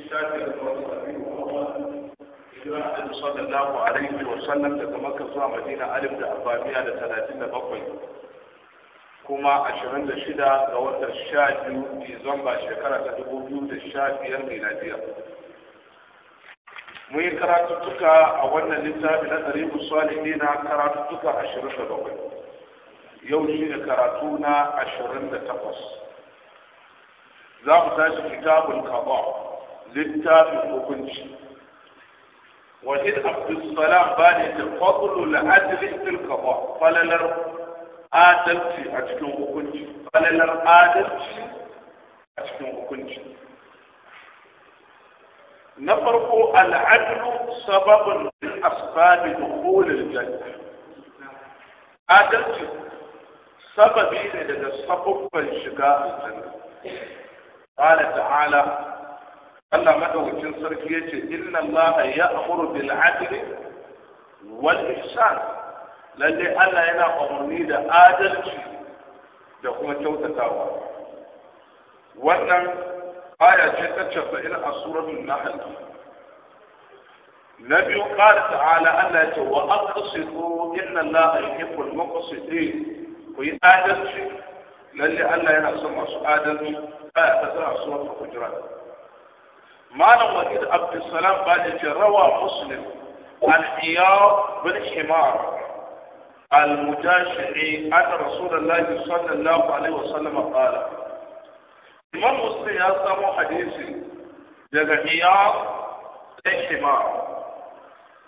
shafi da sallallahu alaihi wa sallam daga makka zuwa madina alif da arba'iyya da talatin da bakwai kuma ashirin da shida ga watan sha biyu disamba shekara ta dubu biyu da sha biyar miladiya mun yi karatuttuka a wannan littafi na tarihu salihi na karatuttuka ashirin da bakwai yau shi ne karatu na ashirin da takwas za mu tashi kitabun kaba littafin وكنش وإذ عبد السلام باني فضل لأجل في القضاء فللر آدلتي أتكون أكنتي فللر آدلتي أتكون وكنش نفرق العدل سبب من أسباب دخول الجنة آدلتي سبب لدى سبب الشقاء الجنة قال تعالى الله ما هو كن إن الله يأمر بالعدل والإحسان لذي الله هنا أمرني دا آدل شيء جوتا تاوا وأن آية جتا شفا إلى سورة النحل نبي قال تعالى أن وأقصدوا إن الله يحب المقصدين في آدل شيء الله هنا سمع آدل آية تزرع سورة الحجرات مال وليد عبد السلام قال روى مسلم عن اياب بن حمار المجاشعي ان رسول الله صلى الله عليه وسلم قال امام مسلم يسمع حديثي جزا اياب الحمار حمار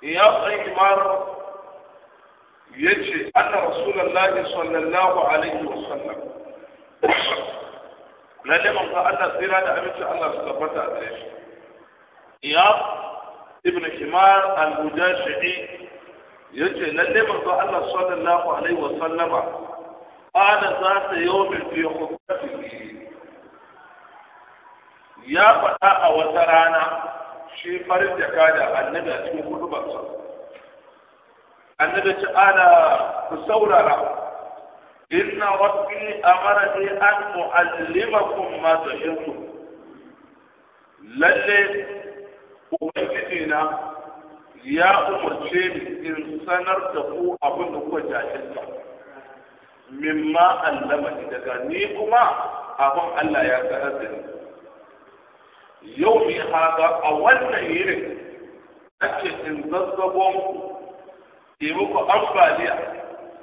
اياب حمار يجي ان رسول الله صلى الله عليه وسلم لأنه قال ان الزنا ده امتي الله سبحانه iyab ibn himar al-mujashi'i yace lalle manzo Allah sallallahu alaihi wa sallama ana za ta yawmin fi khutbatihi ya faɗa a wata rana shi farin jaka da annabi a cikin hudubarsa annabi ce ana ku saurara inna rabbi amarani an mu'allimakum ma tuhibbu lalle ubangijina ya umarce ni in sanar da ku abin da kuka jahilta mimma allama ni daga ni kuma abin Allah ya sanar da ni yau ne haka a wannan yiri ake in zazzabon yi muku ambaliya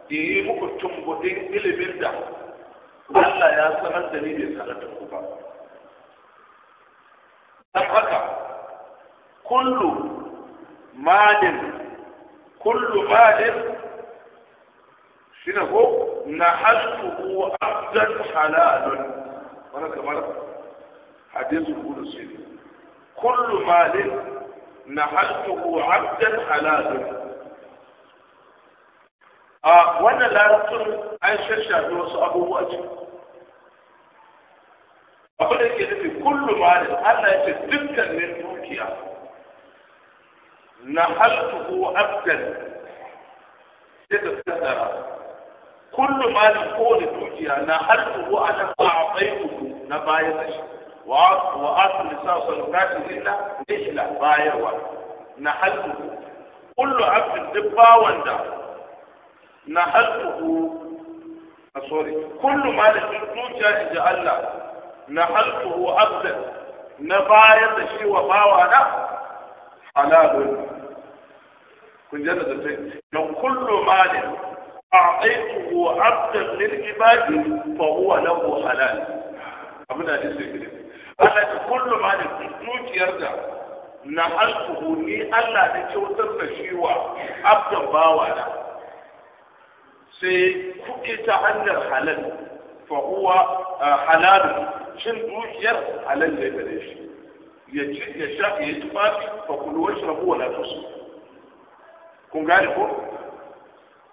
yi muku tumbudin ilimin da Allah ya sanar da ni bai sanar da ku ba. Dan haka كل مال كل مال شنو هو نحسبه عبدا حلال وانا كمان حديث يقول سيدي كل مال نحسبه عبدا حلال آه، وانا لا تكون اي شيء شاهدوا ابو أقول لك كل مال أنا يجي من روكيا نحلته أبدا كده كل ما نقول توجيه نحلته أنا أعطيته نبايته وأعطي النساء صدقات إلا نشلة بايروا نحلته كل عبد دبا وندا نحلته آه، سوري كل ما نقول توجيه الله نحلته أبدا نبايته شيء وباوانا حلال كنجد لو كل مال أعطيته عبدا للعباد فهو له حلال أبدا لسي أنا كل مال نوت يرجع نحلته لي ألا نتوت الفشيوة عبدا باوانا سيكوكت عن الحلال فهو آه، حلال شن نوت يرجع حلال لبريش يجي يشاء يتفاك فقلوا اشربوا ولا تصبح kun gane ko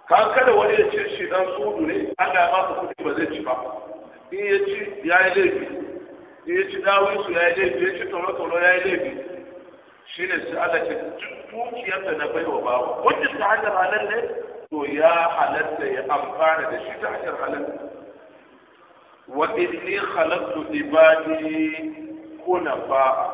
ka kada wani ya ce shi dan sudu ne Allah ya ba su kudi ba zai ci ba in ya ci ya yi laifi in ya ci dawo su ya yi laifi ya ci tauro tauro ya yi laifi shi ne su Allah ce duk dukiyar da na baiwa bawa wanda ta hanyar halal ne to ya halatta ya amfana da shi ta hanyar halal wa inni khalaqtu ibadi ba?